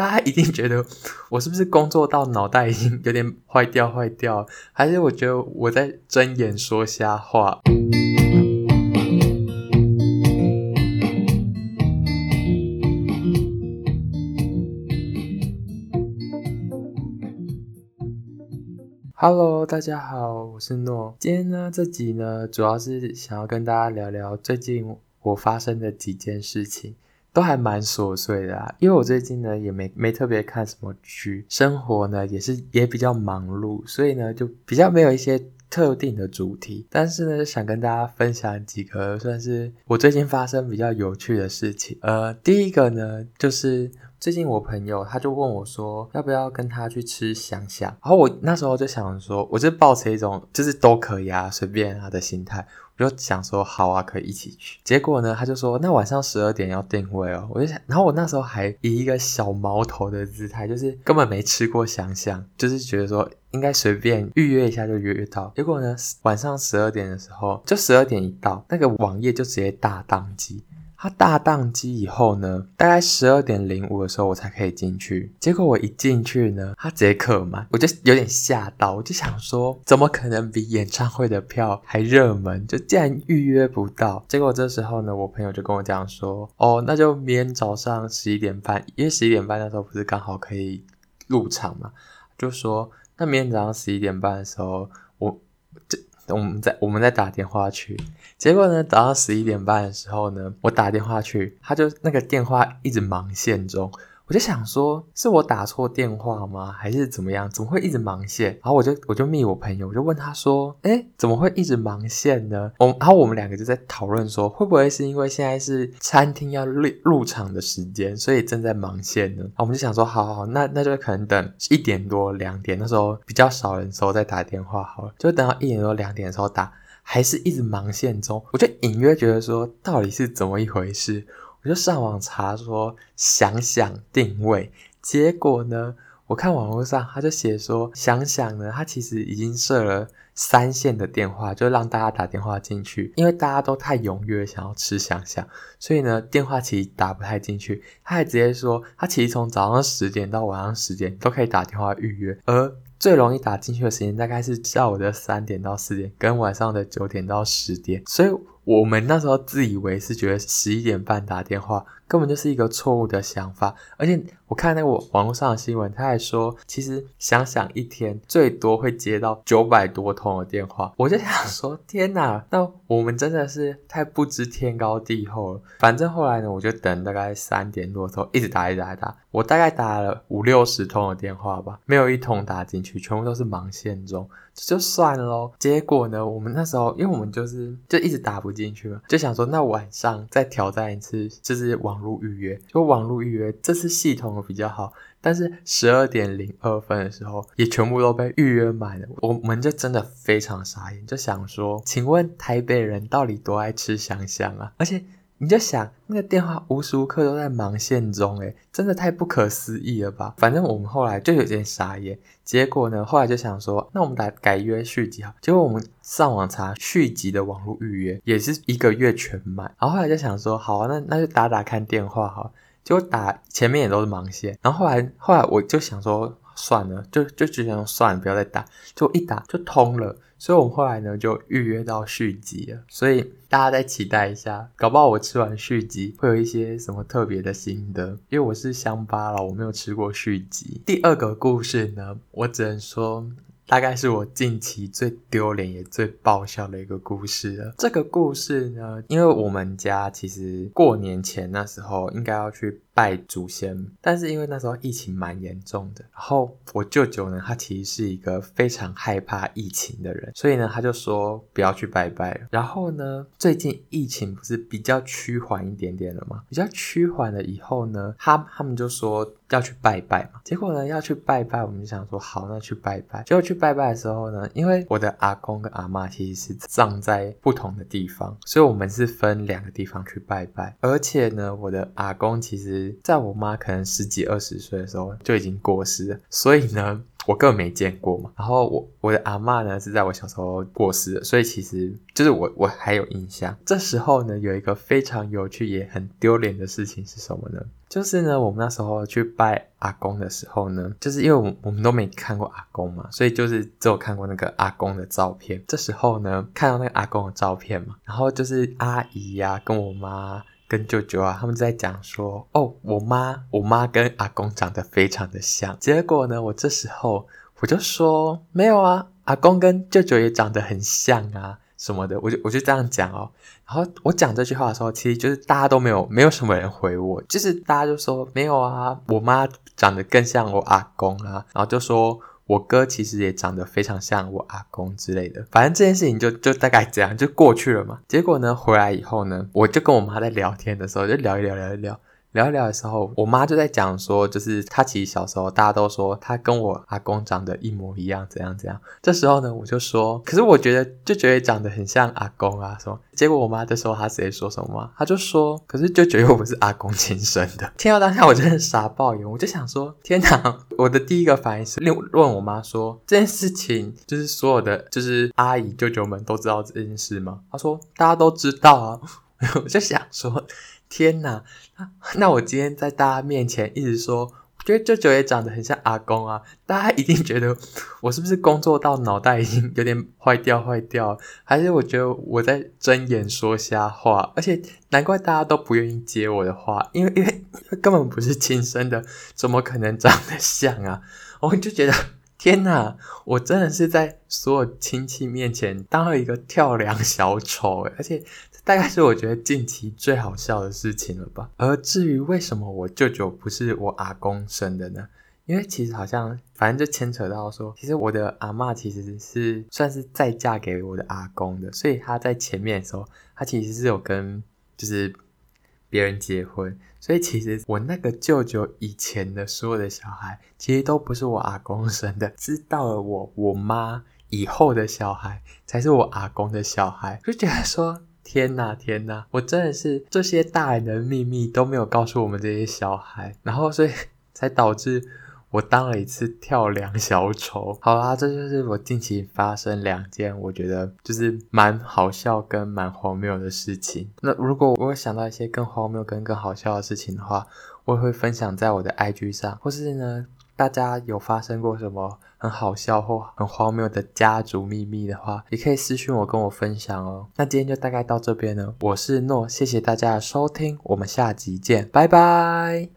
大家一定覺得我是不是工作到腦袋已經有點壞掉壞掉，還是我覺得我在睜眼說瞎話 ？Hello，大家好，我是諾。今天呢，這集呢，主要是想要跟大家聊聊最近我發生的幾件事情。都還蠻瑣碎的啊，因為我最近呢也沒沒特別看什麼劇，生活呢也是也比較忙碌，所以呢就比較沒有一些特定的主題。但是呢，想跟大家分享幾個算是我最近發生比較有趣的事情。呃，第一個呢就是最近我朋友他就問我說要不要跟他去吃饗饗，然後我那時候就想說，我就抱持一種就是都可以啊，隨便啊的心態。就想說好啊，可以一起去。結果呢，他就說那晚上十二點要訂位哦。我就想，然後我那時候還以一個小毛頭的姿態，就是根本沒吃過饗饗，就是覺得說應該隨便預約一下就預約到。結果呢，晚上十二點的時候，就十二點一到，那個網頁就直接大當機。他大當機以後呢，大概十二點零五的時候我才可以進去。結果我一進去呢，他直接客滿，我就有點嚇到，我就想說，怎麼可能比演唱會的票還熱門？就竟然預約不到。結果這時候呢，我朋友就跟我講說，哦，那就明天早上十一點半，因為十一點半的時候不是剛好可以入場嘛，就說那明天早上十一點半的時候，我這。我們在，我們在打電話去，結果呢，打到十一點半的時候呢，我打電話去，他就那個電話一直忙線中。我就想說，是我打錯電話嗎？還是怎麼樣？怎麼會一直忙線？然後我就我就密我朋友，我就問他說：“誒、欸，怎麼會一直忙線呢？”我然後我們兩個就在討論說，會不會是因為現在是餐廳要入入場的時間，所以正在忙線呢？然後我們就想說，好好好，那那就可能等一點多兩點那時候比較少人的時候再打電話好了，就等到一點多兩點的時候打，還是一直忙線中。我就隱約覺得說，到底是怎麼一回事？我就上網查說饗饗訂位。結果呢，我看網絡上他就寫說饗饗呢，他其實已經設了三線的電話，就讓大家打電話進去，因為大家都太踊躍想要吃饗饗，所以呢，電話其實打不太進去。他還直接說，他其實從早上十點到晚上十點都可以打電話預約，而最容易打進去的時間大概是下午的三點到四點，跟晚上的九點到十點，所以。我們那時候自以為是，覺得十一點半打電話根本就是一個錯誤的想法，而且我看那個網絡上的新聞，他還說其實饗饗一天最多會接到九百多通的電話，我就想說天哪，那我們真的是太不知天高地厚了。反正後來呢，我就等大概三點多的時候，一直打，一直打，打。我大概打了五六十通的電話吧，沒有一通打進去，全部都是忙線中，這就算嘍。結果呢，我們那時候，因為我們就是就一直打不進去嘛，就想說，那晚上再挑戰一次，就是網絡預約，就網絡預約，這次系統比較好，但是十二點零二分的時候，也全部都被預約滿了，我們就真的非常傻眼，就想說，請問台北人到底多愛吃饗饗啊？而且。你就想那個電話無時無刻都在忙線中，哎，真的太不可思議了吧！反正我們後來就有點傻眼。結果呢，後來就想說，那我們打改約續集好了，結果我們上網查續集的網絡預約也是一個月全滿。然後後來就想說，好啊，那那就打打看電話好了，結果打前面也都是忙線。然後後來後來我就想說。算了，就就只想算了，不要再打，就一打就通了。所以我們後來呢就預約到旭集了，所以大家再期待一下，搞不好我吃完旭集會有一些什麼特別的心得，因為我是鄉巴佬，我沒有吃過旭集。第二個故事呢，我只能說，大概是我近期最丟臉也最爆笑的一個故事了。這個故事呢，因為我們家其實過年前那時候應該要去。拜祖先，但是因為那時候疫情蠻嚴重的，然後我舅舅呢，他其實是一個非常害怕疫情的人，所以呢，他就說不要去拜拜了。然後呢，最近疫情不是比較趨緩一點點了嗎？比較趨緩了以後呢，他他們就說要去拜拜嘛。結果呢，要去拜拜，我們就想說好，那去拜拜。結果去拜拜的時候呢，因為我的阿公跟阿嬤其實是葬在不同的地方，所以我們是分兩個地方去拜拜。而且呢，我的阿公其實。在我媽可能十幾二十歲的時候就已經過世了，所以呢，我更沒見過嘛。然後我我的阿嬤呢，是在我小時候過世的，所以其實就是我我還有印象。這時候呢，有一個非常有趣也很丟臉的事情是什麼呢？就是呢，我們那時候去拜阿公的時候呢，就是因為我們我們都沒看過阿公嘛，所以就是只有看過那個阿公的照片。這時候呢，看到那個阿公的照片嘛，然後就是阿姨呀、啊、跟我媽。跟舅舅啊，他們在講說哦，我媽，我媽跟阿公長得非常的像。結果呢，我這時候我就說沒有啊，阿公跟舅舅也長得很像啊，什麼的，我就我就這樣講哦。然後我講這句話的時候，其實就是大家都沒有沒有什麼人回我，就是大家就說沒有啊，我媽長得更像我阿公啊，然後就說，我哥其實也長得非常像我阿公之類的，反正這件事情就就大概這樣就過去了嘛。結果呢，回來以後呢，我就跟我媽在聊天的時候就聊一聊聊一聊。聊一聊的時候，我媽就在講說，就是她其實小時候大家都說她跟我阿公長得一模一樣，怎樣怎樣。這時候呢，我就說，可是我覺得舅舅也長得很像阿公啊。說，結果我媽這時候她直接說什麼啊？她就說，可是舅舅又不是阿公親生的。聽到當下我真的傻爆眼，我就想說，天啊！我的第一個反應是問問我媽說這件事情，就是所有的就是阿姨舅舅們都知道這件事嗎？她說，大家都知道啊。我 就想說，天哪！那我今天在大家面前一直說，我覺得舅舅也長得很像阿公啊，大家一定覺得我是不是工作到腦袋已經有點壞掉壞掉了？還是我覺得我在睜眼說瞎話？而且難怪大家都不願意接我的話，因為因為根本不是親生的，怎麼可能長得像啊？我就覺得。天吶，我真的是在所有親戚面前當了一個跳梁小丑，而且這大概是我覺得近期最好笑的事情了吧。而至於為什麼我舅舅不是我阿公生的呢？因為其實好像反正就牽扯到說，其實我的阿嬤其實是算是再嫁給我的阿公的，所以他在前面的時候，他其實是有跟就是。別人結婚，所以其實我那個舅舅以前的所有的小孩，其實都不是我阿公生的。知道了我我媽以後的小孩，才是我阿公的小孩，就覺得說天哪天哪，我真的是這些大人的秘密都沒有告訴我們這些小孩，然後所以才導致。我當了一次跳梁小丑。好啦，這就是我近期發生兩件我覺得就是蠻好笑跟蠻荒謬的事情。那如果我有想到一些更荒謬跟更好笑的事情的話，我也會分享在我的 IG 上。或是呢，大家有發生過什麼很好笑或很荒謬的家族秘密的話，也可以私訊我跟我分享哦。那今天就大概到這邊了。我是諾，謝謝大家的收聽，我們下集見，拜拜。